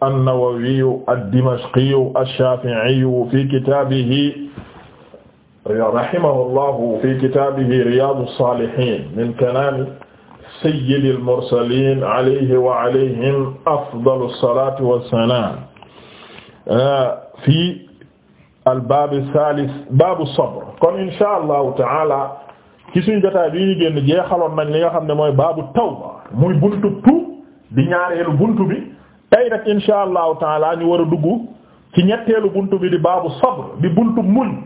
an-Nawawiyu ad-Dimashqiyu ash-Shafi'iyu fi kitaabihi rahimahullahu fi kitaabihi Riyaadu s-Saalihiin min kalaami sayyidil mursaliin alayhi wa alayhim afdalu s-salaati wa s-salaam fi al-baab as-saalis baabu s-sabr kon inshaa Allahu ta'aala ci suñu jotaay bi ñu génn jeexaloon nañ li nga xam ne mooy baabu tawba muy buntu tuub di ñaareelu buntu bi. tey nag insha allahu taala ñu war a dugg ci ñetteelu bunt bi di baabu sabr di buntu muñ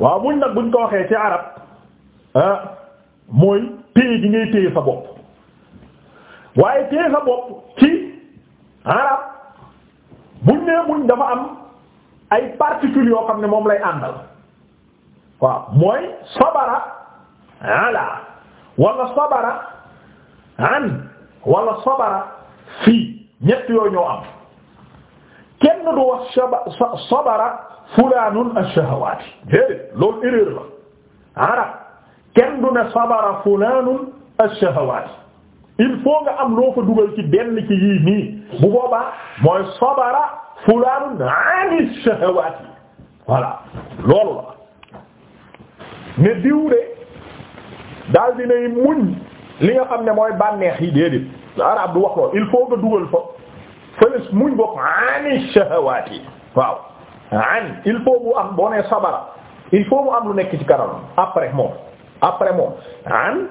waaw muñ nag buñ ko waxee ci arab mooy téye gi ngay téye sa bopp waaye téye sa bopp ci arab buñ nee muñ dafa am ay particule yoo xam ne moom lay àndal waaw mooy sabara ala wala sabara an wala sabara fii ñett yooyu ñoo am kenn du wax saba sabara fulaanun ash-shahawaati loolu erreur la arab kenn du ne sabara fulaanun ash-shahawaati il faut nga am loo fa dugal ci benn ci yii nii bu boobaa mooy sabara fulaanun an ash-shahawaati loolu la ne diw de daal dinay muñ li nga xam ne mooy bànneex yi déedéet arab du wax lool il faut nga dugal fa fële muñ bopp ani shahawaati waaw ani il faut mu am boo sabara il faut mu am lu nekk ci kanam après moom après moom an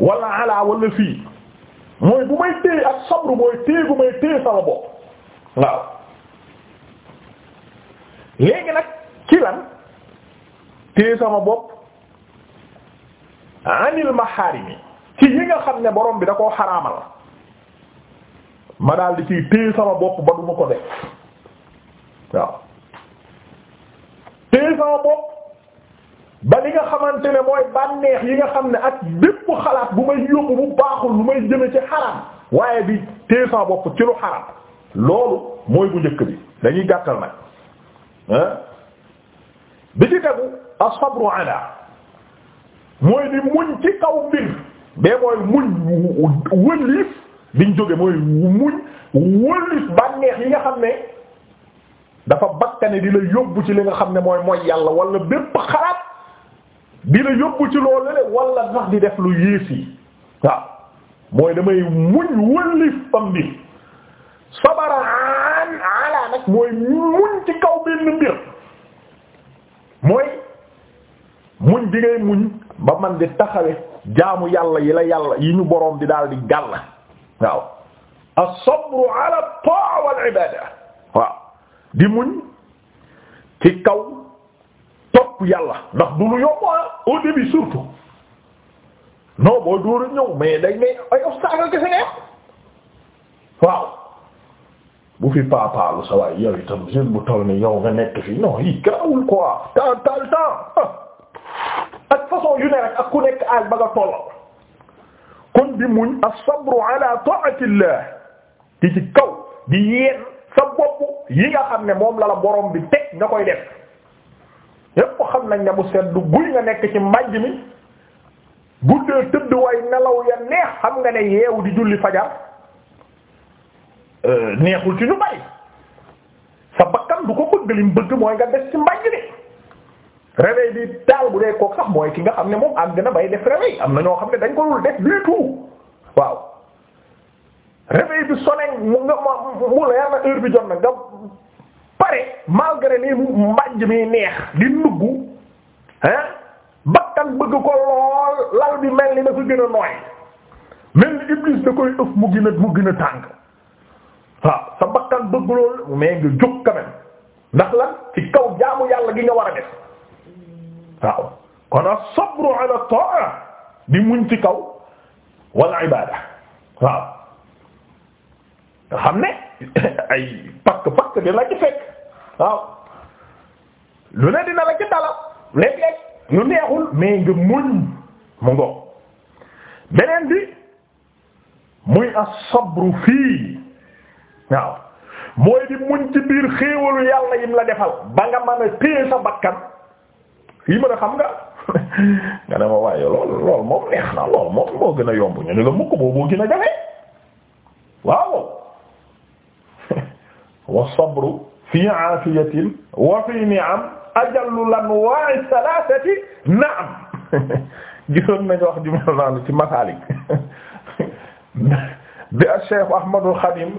wala ala wala fii mooy bu may téye ak sabru mooy téye bu may téye sama bopp waaw léegi nag ci lan téye sama bopp anil maharimi ci yi nga xam ne borom bi da koo xaraamal ma daal di ciy téye sama bopp ba duma li nga xamante ne mooy bànneex yi nga xam ne ak bépp xalaat bu may yóbbu bu baaxul lu may jëme ci xaraam waaye bi téye sama bopp ci lu xaraam loolu mooy bu njëkk bi dañuy gàttal nag ah bi ci tegu as-sabru mooy di muñ ci kaw mbir bee mooy muñ wëlliif biñ jóge mooy muñ wëlliif bànneex yi nga xam ne dafa bakkane di la yóbbu ci li nga xam ne mooy mooy yàlla wala bépp xalaat ci loolu le wala sax di def lu yées yi waaw mooy damay muñ wëlliif am mbir sabaraan ala mooy muñ ci kaw benn mbir mooy muñ bi ngay muñ ba man di taxawe jaamu yàlla yi la yàlla yi ñu boroom di daal di gàll waaw as-sabru ala at waaw di yàlla ndax du lu yomb ah, au début surtout non boo dóora ñëw mais dañ ngay ay obstacle kese nga waaw bu fi paapaalu sa waay yow itam bu toll ni yow nga nekk fii non yi grawul quoi temps temps temps ak façon yu ne rek ak ku nekk aaj ba nga tolloo kon bi muñ as-sabru ala ta'atillah di ci kaw di yeen sa bopp yi nga xam ne moom la la borom bi teg nga koy def yépp xam nañ ne bu seddu guy nga nekk ci mbàjj mi guddee tëdd way nelaw ya neex xam nga ne yeewu di julli fajar euh, neexul ci ñu bari sa bakkan du ko bëgg lim bëgg mooy nga des ci mbàjj mi réveil bi taal bu dee kook sax mooy ki nga xam ne moom àgg na bay def réveil am na ñoo xam ne dañ ko dul def du tout waaw réveil bi sonné mu nga mu leer na heure bi jot na nga pare malgré ni mbàjj mi neex di nugg hein bakkan bëgg ko lool lal bi mel ni dafa gën a nooy mel ni iblis da koy ëf mu gën mu gën a waaw sa bakkan bëgg lool mais nga jóg quand ndax lan ci kaw jaamu yàlla gi nga war a def waaw kon as-sabru ala at di muñ ci kaw wal ibada waaw nga xam ne ay pakk pakk dina la ci lu ne dina la ci dalal léeg-léeg lu neexul mais nga muñ mu ngo beneen bi muy a sabru fii waaw mooy di muñ ci biir xéewalu yàlla yim la defal ba nga mën a téye sa bakkan lii mën a xam nga nga ne ma waaye lool lool moom neex na lool moom moo gën a yomb ñu ne la mukk boobu moo gën a jafe waaw wa sabru fi aafiyatin wa fi ni'am ajallu lanwaa'i salaasati na'am gisoon nañu wax ju mel noonu ci Masaalik bi Cheikh Ahmadul Xadim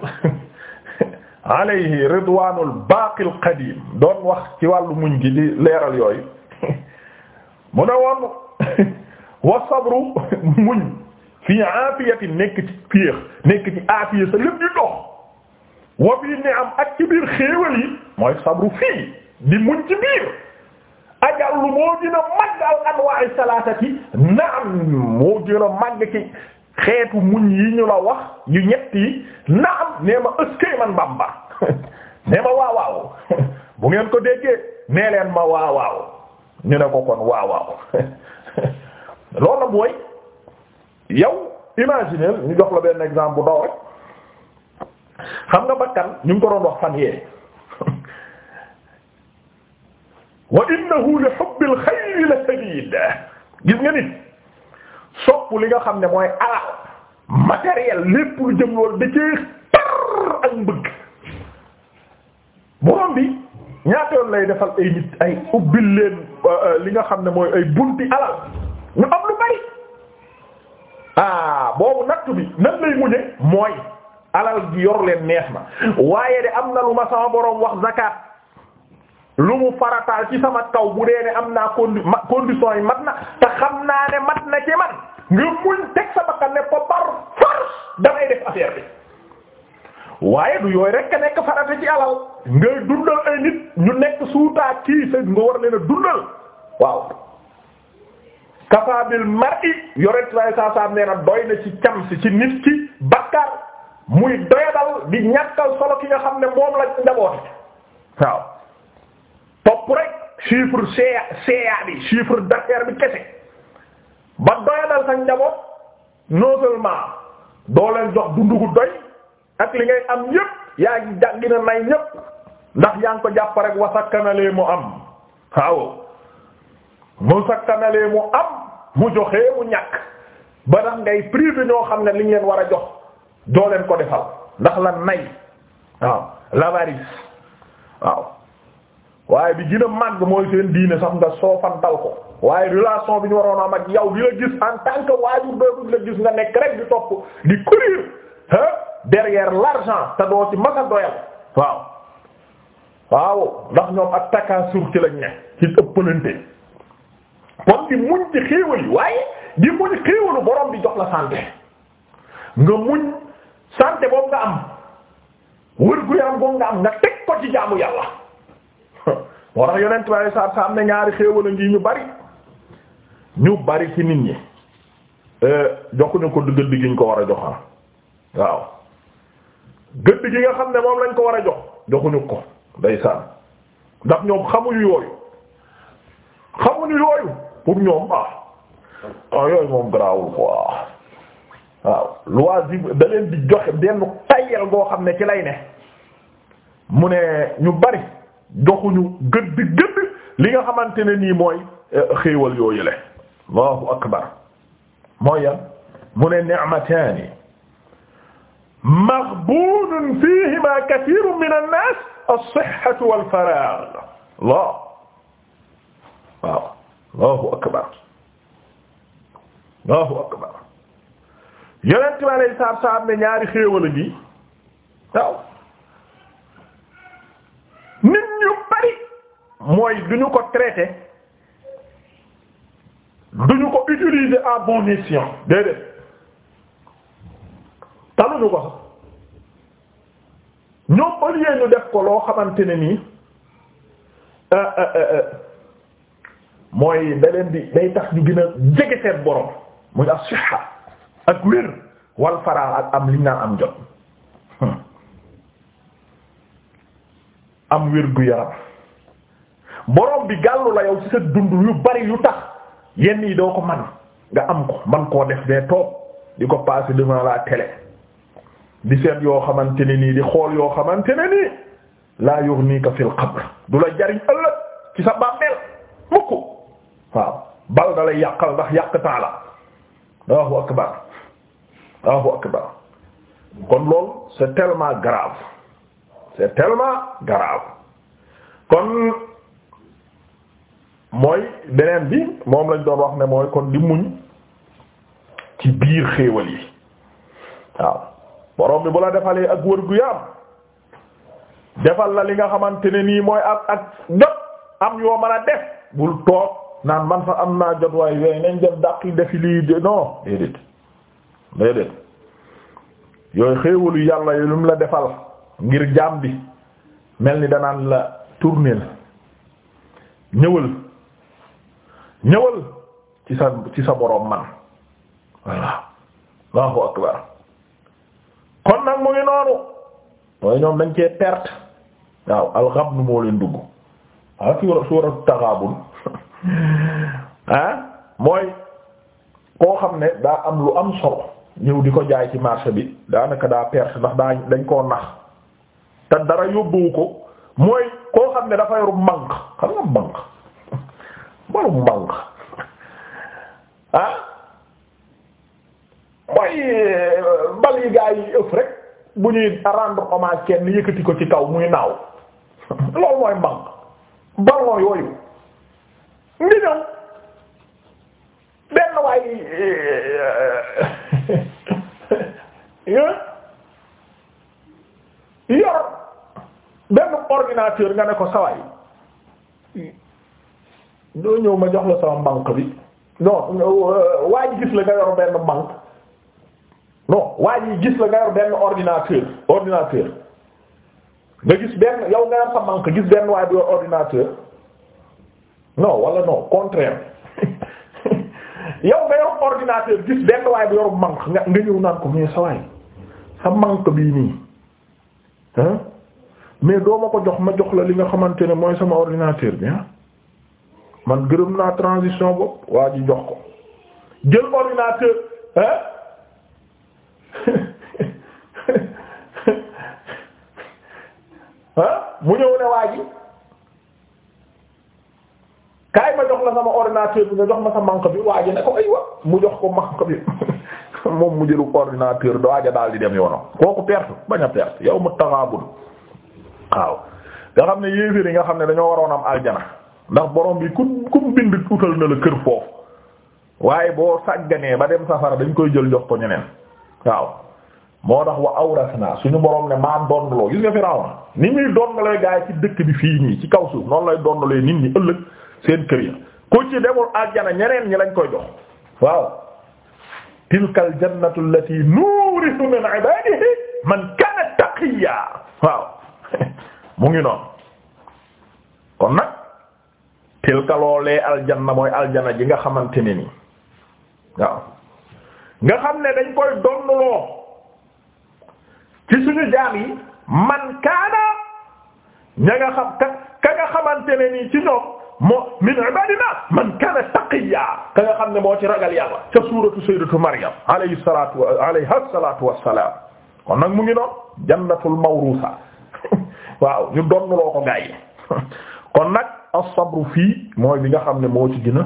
alayhi ridwaanul baaqil qadiim doon wax ci wàllu muñ gi di leeral yooyu mu ne woon wa sabru muñ fii aafiyati nekk ci féex nekk ci aafiya sa lépp di dox wa fii ni am ak ci biir xéewal mooy sabru fii di muñ ci biir ajallu moo gën a màgg al anwaa'i salaatati naam moo gën a màgg ci xeetu muñ yi ñu la wax yu ñett yi naam nee ma ëskay man Bamba nee ma waaw waaw bu ngeen ko déggee nee leen ma waaw waaw ñu ne ko kon waaw waaw loolu mooy yow imaginer ñu jox la benn exemple bu ndaw rek xam nga bakkan ñu ngi ko doon wax fan yee wa innahu li hubbil xayri la shadiid gis nga nit sopp li nga xam ne mooy alal matériel lépp lu jëm loolu da cee ak mbëgg borom bi ñaata yoon lay defal ay nit ay ubbil leen euh, euh, li nga xam ne mooy ay bunti alal ñu am lu bari ah boobu natt bi nan lay mujje mooy alal gi yor leen neex na waaye de am na lu ma sama boroom wax zakat lu mu farataal ci sama kaw bu dee ne am naa condi conditions yi mat na te xam naa ne mat na ci man nga muñ teg sa bakkan ne ko par damay def affaire bi waaye du yooyu rek a nekk farata ci alal ngay dundal ay nit ñu nekk suutaa kii sa nga war leen a dundal waaw kafabil mar'i yoret way saa saam nee doy na ci cam ci nit ki bakkar muy doyadal di ñàkkal solo ki nga xam ne moom la njaboot waaw topp rek chiffre CA CA bi chiffre d'affaires bi kese ba doyadal sa njaboot non seulement doo leen jox dundu gu doy ak li ngay am yépp yaa ngi jàggi na may ñépp ndax yaa ngi ko jàpp rek wa sakkanalee mu am waaw mu sakkanalee mu am mu joxee mu ñàkk ba tax ngay privé ñoo xam ne liñ leen war a jox doo leen ko defal ndax la nay waaw l'avarice waaw waaye bi gën a màgg mooy seen diine sax nga soofantal ko waaye relation bi ñu waroon am ak yow di la gis en tant que waajur dootul la gis nga nekk rek di topp di courir derrière l'argent te doo ci masa doyal waaw waaw ndax ñoom ak takaasur ci lañ ne ci ëppalante kon di muñ ci xéewal yi waaye di muñ xéewalu borom bi jox la santé nga muñ santé boobu nga am wër gu yaram boobu nga am nga teg ko ci jaamu yàlla moo tax yonent bi sa sa am na ñaari xéewal a ngi ñu bari ñu bari ci nit ñi euh, joxuñu ko dëgg-dëgg ñu ko war a joxaa waaw gëdd gi nga xam ne moom lañ ko war a jox joxuñu ko day ndeysaan ndax ñoom xamuñu yooyu xamuñu yooyu pour ñoom ah yooyu moom garaawul quoi waaw loisir da leen di joxe benn tayel boo xam ne ci lay ne mu ne ñu bari joxuñu gëdd gëdd li nga xamante ne nii mooy eh, xéewal yooyu le allahu akbar mooy yan mu ne ni'matani maghbunun fihima kathirun min an-nas as-sihhatu wal faragh Allah waaw Allahu akbar Allahu akbar yonent bi alayhi salaatu salaam ne ñaari xéewal a ngi waaw nit ñu bari mooy duñu ko traité duñu ko utiliser à bon escient déedéet taluñu ko sax ñoom au ñu def ko loo xamante ne nii euh, euh, euh, mooy da leen di day tax ñu gën a jege seen borom muy as-sihha ak wér wal faraa ak am liñ naan am jot hmm. am wér gu yaram borom bi gàllu la yow ci sa dund yu bari yu tax yenn yi doo ko man nga am ko man koo def dee toog di ko passer devant la télé. di seet yoo xamante ne nii di xool yoo xamante ne nii laa yughnika fil qabr du la jariñ ëllëg ci sa bàmmeel mukk waaw bal da yàqal ndax yàq taa la Allahu akbar Allahu akbar kon loolu c'est tellement grave c'est tellement grave kon mooy beneen bi moom lañ doon wax ne mooy kon di muñ ci biir xéewal yi waaw borom bi bu la defalee ak wër gu yaram defal la li nga xamante ne nii mooy ak ak jot am yoo mën a def bul toog naan man fa am naa jot waaye yooyu nañ jot dàqi defi lii de non déedéet déedéet yooyu xéewalu yàlla yu lu mu la defal ngir jaam bi mel ni danaan la tourneel ñëwal ñëwal ci sa ci sa borom man voilà allahu akbar kon nag mu ngi noonu mooy ñoom dañ cee perte waaw alxabnu moo leen dugg ah suura suura taxaabul ah mooy koo xam ne daa am lu am solo ñëw di ko jaay ci marché bi daanaka daa perte ndax daa dañ koo nax te dara yóbbuwu ko mooy koo xam ne dafa yoru manque xam nga manque baru manque ah mooy euh, bal yi gaa yi ëf rek bu ñuy rendre hommage kenn yëkkati ko ci kaw muy naaw loolu mooy mbang ballon yooyu ngi ñëw benn waay euh, yor benn ordinateur nga ne ko sawaay doo ñëw ma jox la sama banque bi non euh, waa ji gis la nga benn banque non waa ji gis la nga yor benn ordinateur ordinateur nga gis benn yow nga yor sa manque gis benn waaye bi yor ordinateur non wala non contraire yow nga yor ordinateur gis benn waaye bi yor manque nga nga ñëw naan ko mais sa waay sa manque bii nii mais doo ma ko jox ma jox la li nga xamante ne mooy sama ordinateur bi man gërëm naa transition bopp waa ji jox ko jël ordinateur hein mu ñëw ne waa ji kaay ma jox la sama ordinateur bi nga jox ma sa manque bi waa ji ne ko aywa mu jox ko manque bi moom mu jëlu ordinateur da waaja daal di dem yoonam kooku perte bañ a perte yow mu taxaabul waaw nga xam ne yéeféer yi nga xam ne dañoo waroon am aljana ndax borom bi ku ku bind utal na la kër foofu waaye boo sàgganee ba dem safara dañ koy jël jox ko ñeneen waaw moo tax wa awrasna suñu borom ne maa donnaloo gis nga Firawna ni muy donnalee gaay ci dëkk bi fii nii ci kaw suuf noonu lay donnalee nit ñi ëllëg seen kër ya ku ci demul aljana ñeneen ñi lañ koy jox waaw tilkal jannatu allati nuurisu ngi noonu kon nag tilka loolee mooy aljanna ji nga xamante ne ni waaw nga xam ne dañ koy donnaloo ci suñu jaam yi man kaana ña nga xam ka ka nga xamante nii ci ñoom moo min ibadina man kaana taqiya ka nga xam ne moo ci ragal yàlla ca suuratu sayyidatu maryam alayhi salatu alayha salatu wassalam kon nag mu ngi noon jannatul mawrusa waaw ñu donnuloo ko gaay kon nag as fii mooy bi nga xam ne moo ci gën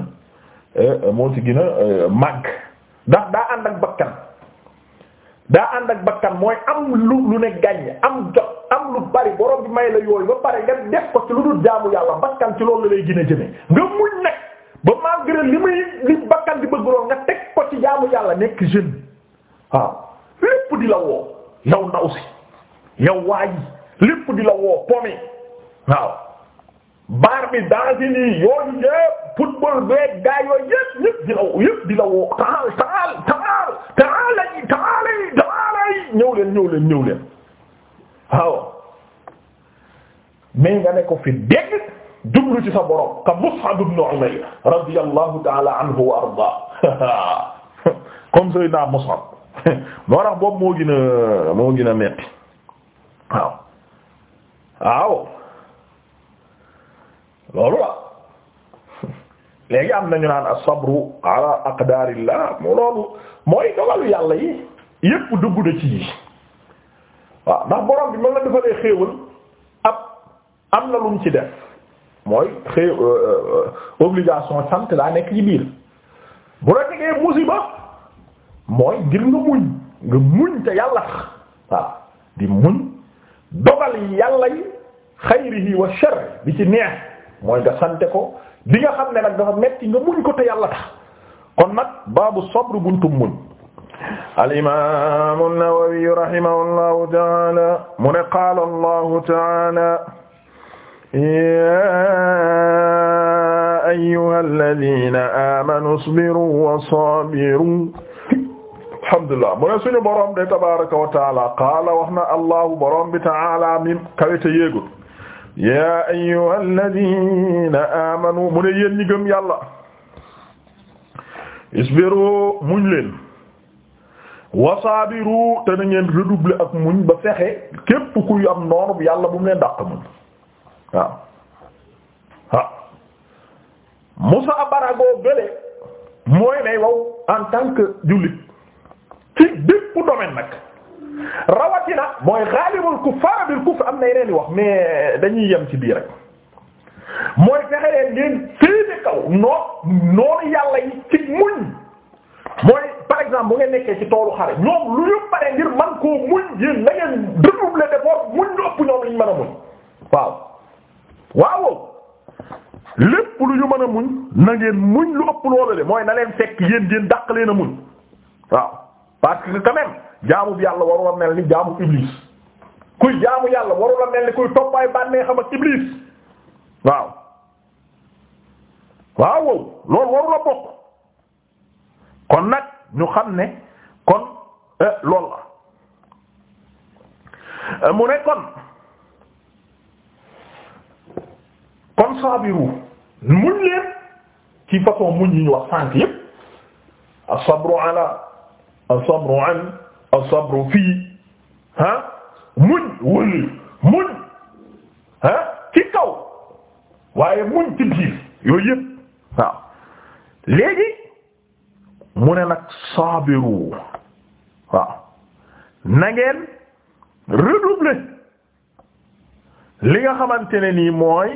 eh, moo ci gina a eh, màgg ndax daa ànd ak bakkan daa ànd ak bakkan mooy am lu lu ne gàññ am jot am lu bari borom bi may la yooyu ba pare nga def ko ci lu dul jaamu yàlla bakkan ci loolu la lay gën a jëme nga muñ nag ba malgré li muy li bakkan di bëgg lool nga teg ko ci jaamu yàlla nekk jeune waaw lépp di la woo yow ndaw si yow waa ji di la woo pomi waaw baar bi dansi nii yooyu yépp football beeg gaa yooyu yëpp yëpp di la yëpp di la woo taal taal taal taala yi taala yi taala yi ñëw leen ñëw leen ñëw leen waaw mais nga ne ko fi dégg jublu ci sa borom ka Mus'ab ibn Umayr radiyallahu ta'ala anhu wa ardaa comme Seydina Mus'ab moo tax boobu moo gën a moo gën a metti waaw waaw loolu la léegi am nañu naan as-sabru ala aqdarillah mu loolu mooy dogalu yàlla yi yépp dugg na ci yi waaw ndax borom bi mën na defalee xéewal ab am na lum ci def mooy xéew euh, euh, obligation sant daa nekk ci biir bu la tegee musiba mooy ngir nga muñ nga muñ te yàlla tax waaw di muñ dogal yàlla yi xayrihi wa sharri bi ci neex mooy nga sante ko bi nga xam ne nag dafa metti nga muñ ko te yàlla tax kon nag baabu sabr buntum muñ alimamu an-Nawawi rahimahullahu taala mu ne qaala allahu taala ya ayyuha alladina amanu isbiru wa sabiru alhamdulillah mu ne suñu borom de tabaraka wa taala qaala wax na allahu borom bi taala mim kawite yéegul yaa ayyuhal ladiina amanu mu ne yéen ñi gëm yàlla isbiru muñ leen wasaabiru te na ngeen redoubler ak muñ ba fexe képp kuy am noonu bu yàlla bu mu leen dàq muñ waaw waaw musa baragoo gële mooy ne wow en tant que jullit ci bépp domaine nag rawatina mooy xaalibul kuffaar bil kufr am na yeneen yi wax mais dañuy yem ci biir rek mooy fexe leen ngeen kaw noo noonu yàlla yi ci muñ mooy par exemple bu ngeen nekkee ci toolu xare ñoom lu ñu paree ngir man koo muñ yéen na ngeen redoubler d'effort muñ lu ëpp ñoom liñ mën a muñ waaw waaw lépp lu ñu mën a muñ na ngeen muñ lu ëpp loolu de mooy na leen fekk yéen yéen dàq leen a muñ waaw parce que quand jaamu bi yàlla waru la mel ni jaamu iblis kuy jaamu yàlla waru la ni kuy toppaay bànnee xam ak iblis waaw waaw loolu waru la kon nag ñu xam ne kon euh, loolu la euh, mu ne kon kon sabiru muñ leen ci façon muñ yi ñu wax sabru ala as-sabru an as-sabru fii ah muñ wël muñ ah ci kaw waaye muñ ci biir yooyu yëpp waaw léegi mu ne nag sabiru waaw na ngeen li nga xamante ne nii mooy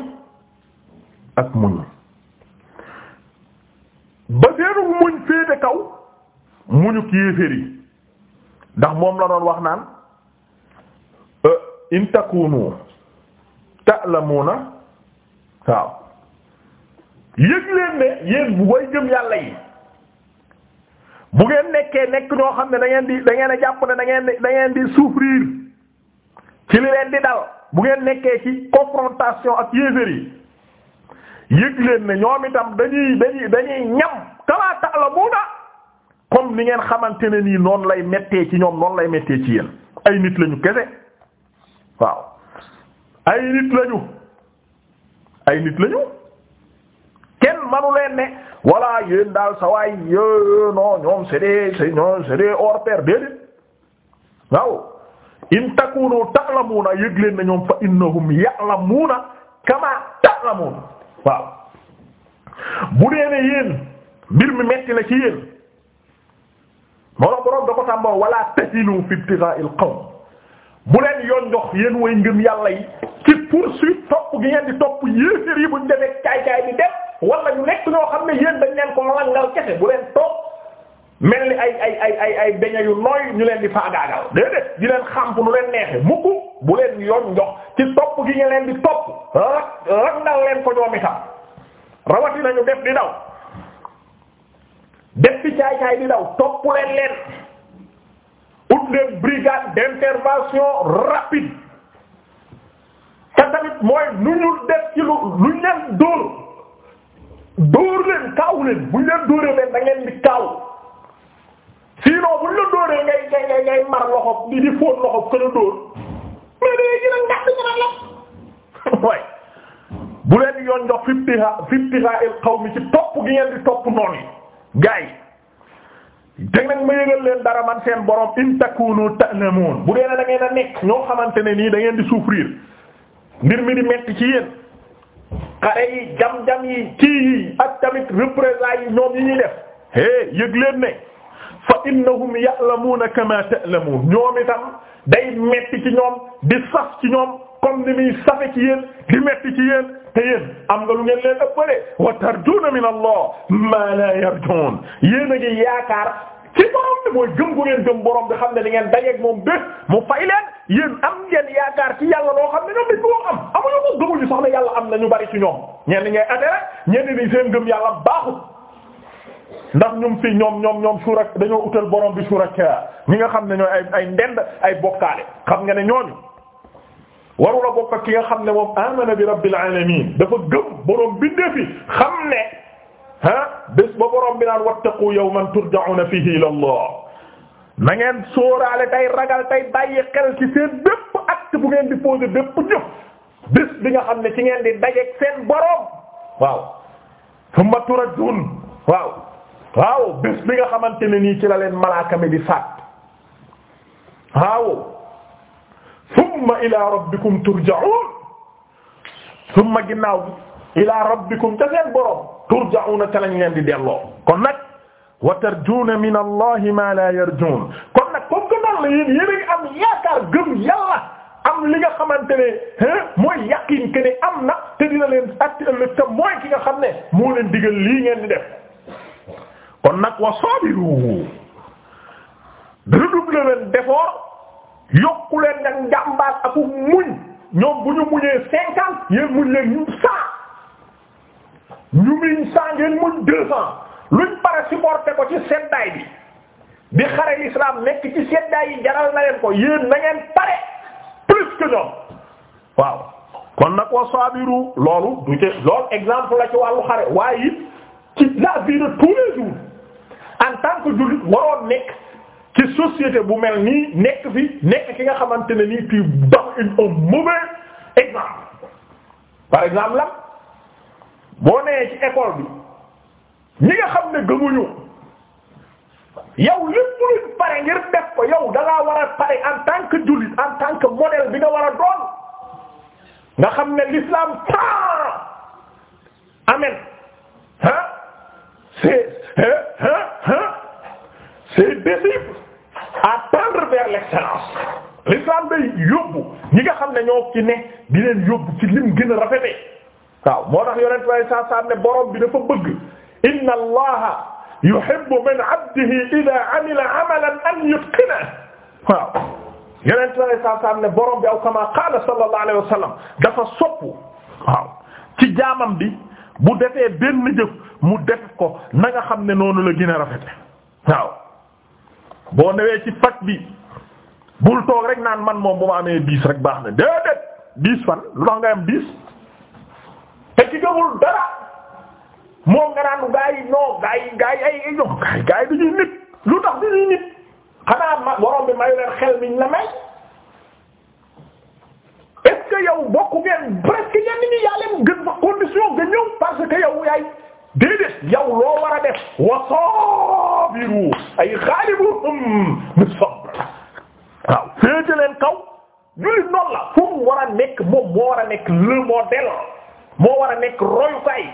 ak muñ ba seenu muñ féete kaw muñu kéeféer yi ndax moom la doon wax naan euh, in mu na waaw yëg leen ne yéen bu way jëm yàlla yi bu ngeen nekkee nekk ñoo xam ne dangeen di da ngeen a jàpp ne da di da ngeen di souffrir ci li leen di dal bu ngeen nekkee ci confrontation ak yéeféer yi yëg leen ne ñoom itam dañuy dañuy dañuy ñam kama ta'lamuna comme ni ngeen xamante ne nii noonu lay mettee ci ñoom noonu lay mettee ci yéen ay nit lañu kese waaw ay nit lañu ay nit lañu kenn manu leen ne voilà yéen daal sa waay yo non ñoom c'est des c'est ñoom c'est des waaw in takunu ta'lamuna yëg na ñoom fa innahum ya'lamuna kama ta'lamun waaw bu dee ne yéen mbir mi metti na ci yéen moo borom da ko tàmboo wala tahilu fi ibtigha'il qawm bu leen yoon ndox yéen way ngëm yàlla yi ci poursuite topp gi ngeen di topp yéeféer yi buñ defee caay-caay bi def wala ñu nekk ñoo xam ne yéen dañ leen ko langal kese bu leen toog mel ni ay ay ay ay ay beña yu nooy ñu leen di faagaagal déedéet di leen xàmp nu leen neexe mukk bu leen yoon ndox ci topp gi ngeen leen di topp rak rak nal leen ko ñoom itam rawati nañu def di daw def fi caay-caay di daw topp leen leen ut leen brigade d'intervention rapide te mooy nu ñu def ci lu luñ dóor dóor leen kaaw leen buñ leen dóoree leen da di kaaw sinon buñ la dóoree ngay ngay ngay mar loxo di di fóot loxo kër a dóor mais da ngay gën a ndax dañu naan la waaye bu leen yoon jox fiptiha fiptiha il qawmi ci topp gi ngeen di topp noonu gars yi te nag ma yëgal leen dara man seen borom in takunu ta'lamun bu dee na da ngeen a nekk ñoo xamante ne nii da ngeen di souffrir mbir mi di metti ci yéen xare yi jam-jam yi kii yi ak tamit représailles yi ñoom yi ñuy def é yëg leen ne fa innahum ya'lamuna kama ta'lamun ñoom itam day metti ci ñoom di saf ci ñoom comme ni muy safe ci yéen di metti ci yéen te yéen am nga lu ngeen leen ëppale wa tarjuna min allah ma la yarjun yéen a ngi yaakaar ci borom bi mooy gëm gu ngeen gëm borom bi xam ne di ngeen dajeek moom bés mu fay leen yéen am ngeen yaakaar ci yàlla loo xam ne ñoom dañ koo am amuñu ko gëmuñu sax ne yàlla am na ñu bari ci ñoom ñenn ñay adhéré ñenn ñi seen gëm yàlla baaxut ndax ñum fi ñoom ñoom ñoom suurak dañoo utal borom bi suurak ñi nga xam ne ñooy ay ay ndend ay bokkaale xam nga ne ñooñu warula bokk ak ki nga xam ne moom amana bi rabbi alamin dafa gëm borom bindee fi xam ne ah bés ba borom bi naan wattaqu yawman turja'una fihi ila Allah na ngeen sóoraale tey ragal tey bàyyi xel ci seen bépp acte bu ngeen di poser bépp jëf bés bi nga xam ne ci ngeen di dajeek seen borom waaw thumma turajun waaw waaw bés bi nga xamante ne nii ci la leen malaaka mi di faat waaw thumma ila rabbikum turja'un thumma ginnaaw bi ila rabbikum ca seen borom turja'una ca lañ leen di delloo kon nag wa tarjuuna min allahi ma la yarjuun kon nag comme que noonu la yéen yéen a ngi am yaakaar gëm yàlla am li nga xamante ne mooy yaqin que ne am na te dina leen atti ëllëg te mooy ki nga xam ne moo leen digal lii ngeen di def kon nag wa sabiru redoubler leen d'effort yokku leen nag njàmbaar ak muñ ñoom bu ñu muñee cinquante yéen muñ leen ñu cent ñu muñ cent ngeen muñ deux cent luñ pare supporté ko ci seddaay bi bi xare l'islam nekk ci seddaay yi jaral na leen ko yéen na ngeen pare plus que ñoom waaw kon nag wa sabiru loolu du ci loolu exemple la ci wàllu xare waaye it ci la vie tous les jours en tant que jullit waroon nekk ci société bu mel nii nekk fi nekk ki nga xamante ne nii tu donnes une un mauvais exemple par exemple la boo nee ci école bi ñi nga xam ne gëmuñu yow lépp lu pare ngir def ko yow da ngaa war a pare en tant que jullit en tant que modèle bi nga war a doon nga xam ne l'islam ta amen ah c'est ah ah ah c'est décisif à tendre vers l'excellence l'islam day yóbbu ñi nga xam ne ñoo ci ne di leen yóbbu ci lim gën a rafetee waaw moo tax yonent way saa saa ne borom bi dafa bëgg inna allaha yuhibbu min abdihi idha amila amalan an yutqinahu waaw yonent way saa saa ne borom bi aw kama qala sallallahu alayhi wa sallam dafa soppu waaw ci jaamam bi bu defee benn jëf mu def ko na nga xam ne noonu la gën a rafete waaw boo newee ci faj bi bul toog rek naan man moom bu ma amee dix rek baax na déedéet dix fan lu tax nga am te ci gëmul dara moom nga naan gaa yi non gaa ay ay ñoom gaa yi gaa yi nit lu tax duñuy nit xanaa ma borom bi mayu leen xel miñ la may est-ce que yow bokku ngeen presque ñenn ñi yaa leen gën fa condition nga ñëw parce que yow yaay. déedéet yow loo war a def wa sabiru ay xaalibuhum bi sabr waaw féete leen kaw jullit noonu la fu war a nekk moom moo war a nekk le modèle moo war a nekk royukaay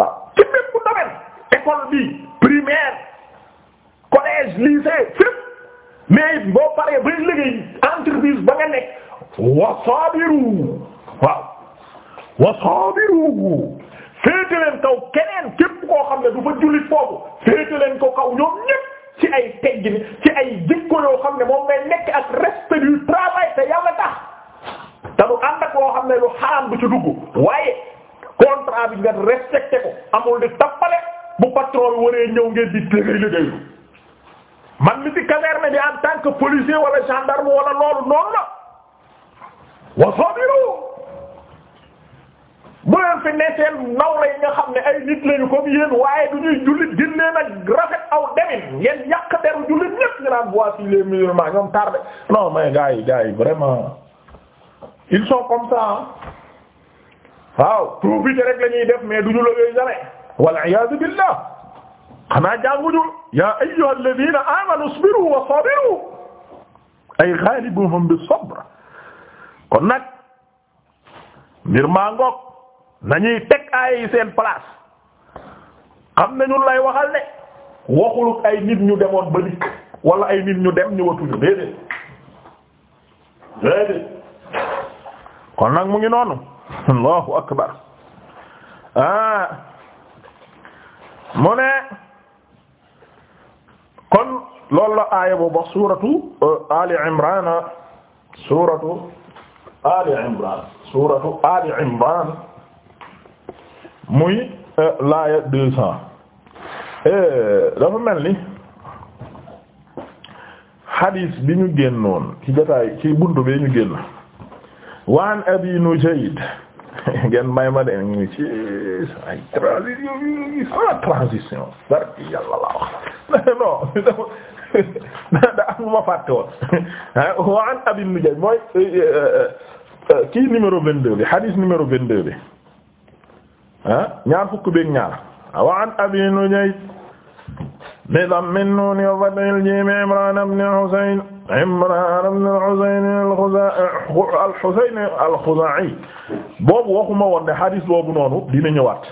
waaw ci bépp domaine école bi primaire collège lycée fépp mais boo paree bay liggéey ba nga nekk waaw wa féete leen kaw keneen képp koo xam ne du fa jullit foofu féete leen ko kaw ñoom ñépp ci ay teggini ci ay jikko yoo xam ne moom ngay nekk ak respect du travail te yàlla tax te du ànd ak xam ne lu xaram du ci dugg waaye contrat bi nga respecté ko amul di tappale bu patron bi waree ñëw ngeen di téye liggéey man mi ci caserne bi en tant que policier wala gendarme wala loolu noonu la wa sabiru bu leen fi ne seen nawle yi nga xam ne ay nit lañu comme yéen waaye du ñuy jullit gën leen ak rafet aw demin ngeen yàq deru jullit ñépp ñu naan voici les musulmans ñoom tardé non mais gars vraiment ils sont comme ça waaw profiter rek la ñuy def mais duñu lëgéey jame wal iyaadu billah xanaa jànguñu ya ayyuha alladhina amanu isbiru wa sabiru ay ghalibuhum bis sabr kon nag mbir maa nañuy teg aaya yi seen place xam ne lay waxal ne waxuluk ay nit ñu demoon ba dikk wala ay nit ñu dem ñëwatuñu déedéet déedéet kon nag mu ngi noonu allahu akbar ah mu ne kon loolu la aaya boobu wax suratu euh, ali imran suratu ali imran suratu ali imran muy euh, laaya deux cent euh, dafa mel ni xadiis bi ñu génnoon ci jotaay ci buntu bi ñu génn waan abi Nujayd ngeen may ma de ñu ci ay transition yi sans ah, transition barki yàlla laa wax non ma fàtte woon waan abi Nujayd mooy euh, kii numéro vingt-deux bi xadiis numéro vingt-deux Ah ñaar fukk beeg ñaar wa an abi nujayd bi dammin nuuni wa fathil jiim imran ibn husayn imran ibn husayn al-husayn al-khuzaa'i boobu waxuma woon ne xadis boobu noonu dina ñëwaat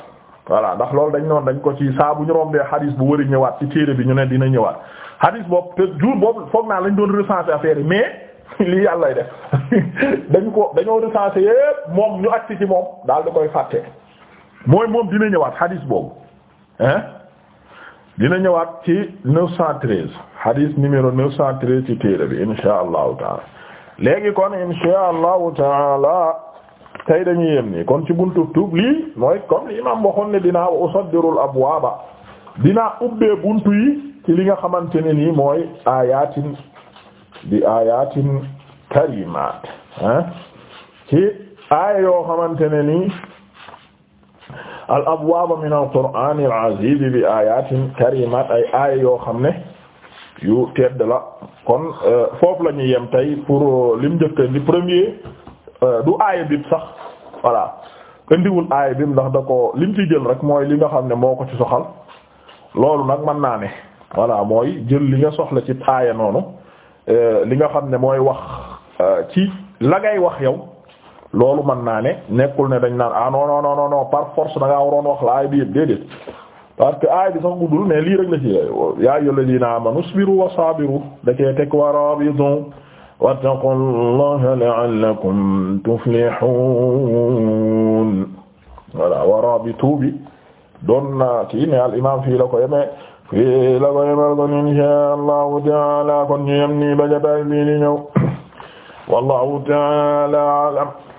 voilà ndax loolu dañ noon dañ ko ci saa bu ñu rombee xadis bu wëri ñëwaat ci téere bi ñu ne dina ñëwaat xadis boobu te jour boobu foog naa lañ doon recenser affaire mais lii yàllay def dañ ko dañoo recenser yépp moom ñu agsi ci moom daal di koy fàtte mooy moom dina ñëwaat xadis boobu hein dina ñëwaat ci 913 xadis numéro 913 ci téere bi insha allahu taala léegi kon insha allahu taala tey dañuy yem kon ci buntu tuub lii mooy comme li imam waxoon ne dinaa usaddirul abwaaba dinaa ubbee buntu yi ci li nga xamante ne nii mooy ayatin di ayatin karimaat hein ci aaya yoo xamante al abwaaba min al qur'aan al aziz bi ayatin karimat ay aaya yoo xam ne yu tedd la kon euh, foofu la ñu yem tey pour euh, lim njëkk di premier euh, du aaya bi sax voilà indiwul aaya bi ndax da ko lim ci jël rek mooy li nga xam ne moo ko ci soxal loolu nag mën naa ne voilà mooy jël li nga soxla ci aaya noonu li nga xam ne mooy wax ci la ngay wax yow loolu mën naa ne nekkul ne dañ naan ah non non non non force da ngaa wax la aay bi yëpp que aay bi sax guddul mais lii rek ci yaa ayyuhal ladiina aamanu isbiru wa saabiru da cee teg wa raabitu wattaqullaha la'allakum tuflihun voilà wa raabitu bi la ko yemee la ko kon inshaa Allahu ta'aala kon ñu ba jotaay bii di ñëw wallahu